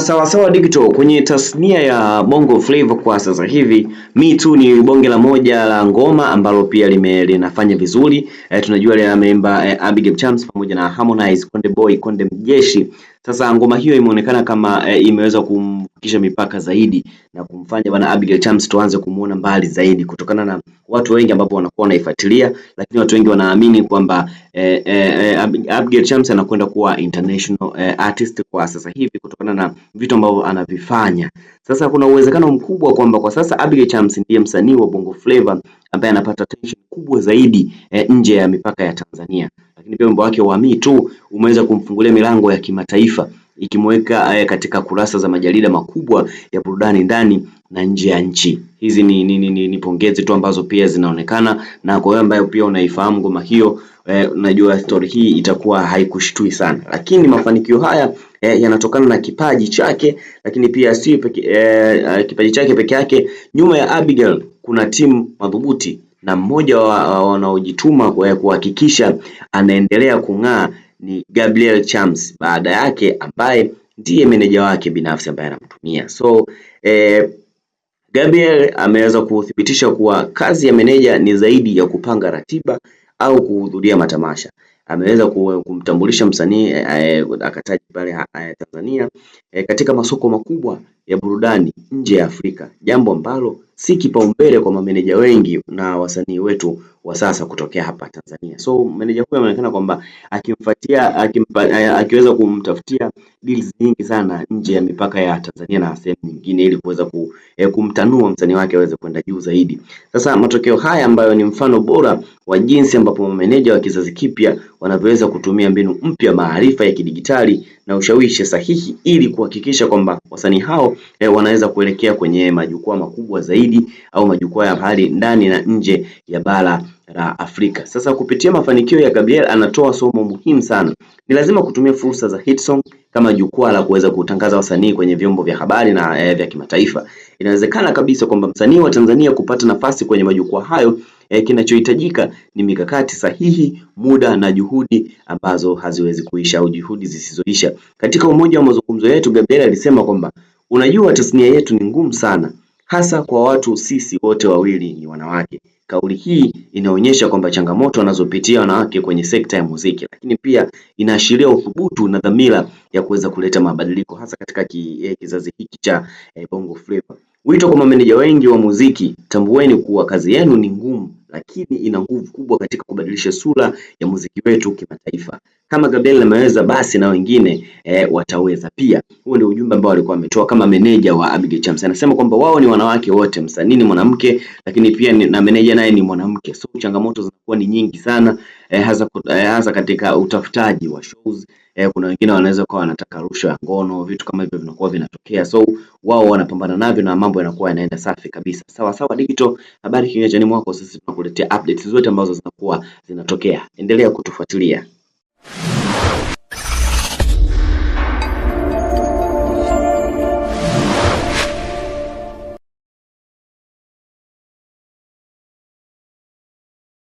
sawa Digital kwenye tasnia ya Bongo Flava kwa sasa hivi, mi tu ni bonge la moja la ngoma ambalo pia lime, linafanya vizuri e, tunajua lina memba e, Abigail Chams pamoja na Harmonize, Konde Boy, Konde Mjeshi sasa ngoma hiyo imeonekana kama e, imeweza kumfikisha mipaka zaidi na kumfanya bwana Abigail Chams tuanze kumuona mbali zaidi kutokana na watu wengi ambapo wanakuwa wanaifuatilia, lakini watu wengi wanaamini kwamba e, e, Abigail Chams anakwenda kuwa international e, artist kwa sasa hivi kutokana na vitu ambavyo anavifanya. Sasa kuna uwezekano mkubwa kwamba kwa sasa Abigail Chams ndiye msanii wa Bongo Flava ambaye anapata attention kubwa zaidi e, nje ya mipaka ya Tanzania lakini pia wimbo wake uhamii tu umeweza kumfungulia milango ya kimataifa ikimweka eh, katika kurasa za majarida makubwa ya burudani ndani na nje ya nchi. Hizi ni, ni, ni, ni pongezi tu ambazo pia zinaonekana, na kwa wewe ambaye pia unaifahamu ngoma hiyo eh, najua story hii itakuwa haikushtui sana, lakini mafanikio haya eh, yanatokana na kipaji chake, lakini pia si peke, eh, kipaji chake peke yake. Nyuma ya Abigail kuna timu madhubuti na mmoja wa wanaojituma kuhakikisha anaendelea kung'aa ni Gabriel Chams baada yake ambaye ndiye meneja wake binafsi ambaye anamtumia. So eh, Gabriel ameweza kuthibitisha kuwa kazi ya meneja ni zaidi ya kupanga ratiba au kuhudhuria matamasha ameweza kumtambulisha msanii eh, eh, akataji pale eh, Tanzania katika masoko makubwa ya burudani nje ya Afrika, jambo ambalo si kipaumbele kwa mameneja wengi na wasanii wetu wa sasa kutokea hapa Tanzania. So meneja huyu ameonekana kwamba akimfuatia akiweza kumtafutia deals nyingi sana nje ya mipaka ya Tanzania na sehemu nyingine ili kuweza ku, eh, kumtanua msanii wake aweze kwenda juu zaidi. Sasa matokeo haya ambayo ni mfano bora wa jinsi ambapo meneja wa kizazi kipya wanavyoweza kutumia mbinu mpya, maarifa ya kidigitali na ushawishi sahihi ili kuhakikisha kwamba wasanii hao eh, wanaweza kuelekea kwenye majukwaa makubwa zaidi au majukwaa ya hali ndani na nje ya bara la Afrika. Sasa kupitia mafanikio ya Gabriel anatoa somo muhimu sana. Ni lazima kutumia fursa za Hitsong kama jukwaa la kuweza kutangaza wasanii kwenye vyombo vya habari na eh, vya kimataifa. Inawezekana kabisa kwamba msanii wa Tanzania kupata nafasi kwenye majukwaa hayo eh, kinachohitajika ni mikakati sahihi, muda na juhudi ambazo haziwezi kuisha au juhudi zisizoisha. Katika umoja wa mazungumzo yetu, Gabriel alisema kwamba unajua, tasnia yetu ni ngumu sana hasa kwa watu sisi wote wawili ni wanawake. Kauli hii inaonyesha kwamba changamoto wanazopitia wanawake kwenye sekta ya muziki, lakini pia inaashiria uthubutu na dhamira ya kuweza kuleta mabadiliko hasa katika eh, kizazi hiki cha eh, Bongo Flava. Wito kwa mameneja wengi wa muziki, tambueni kuwa kazi yenu ni ngumu, lakini ina nguvu kubwa katika kubadilisha sura ya muziki wetu kimataifa. Kama Gabriel ameweza, basi na wengine e, wataweza pia. Huo ndio ujumbe ambao alikuwa ametoa kama meneja wa Abigail Chams. Anasema kwamba wao ni wanawake wote, msanii ni mwanamke, lakini pia ni, na meneja naye ni mwanamke, so changamoto zinakuwa ni nyingi sana e, hasa, e, hasa katika utafutaji wa shows e, kuna wengine wanaweza kuwa wanataka rushwa ya ngono, vitu kama hivyo vinakuwa vinatokea, so wao wanapambana navyo na mambo yanakuwa yanaenda safi kabisa. Sawa sawa digital, habari kinywa chani mwako, sisi tunakuletea updates zote ambazo zinakuwa zinatokea. Endelea kutufuatilia.